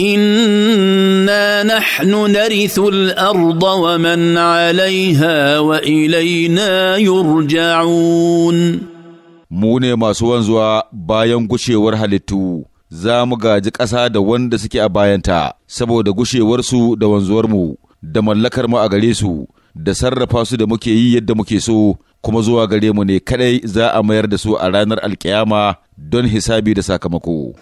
انا نحن نرث الارض ومن عليها والينا يرجعون mu ne masu wanzuwa bayan gushewar halittu za mu gaji ƙasa da wanda suke a bayanta saboda gushewarsu da wanzuwarmu da mallakar mu a gare su da sarrafa su da muke yi yadda muke so kuma zuwa gare mu ne kadai za a mayar da su a ranar alkiyama don hisabi da sakamako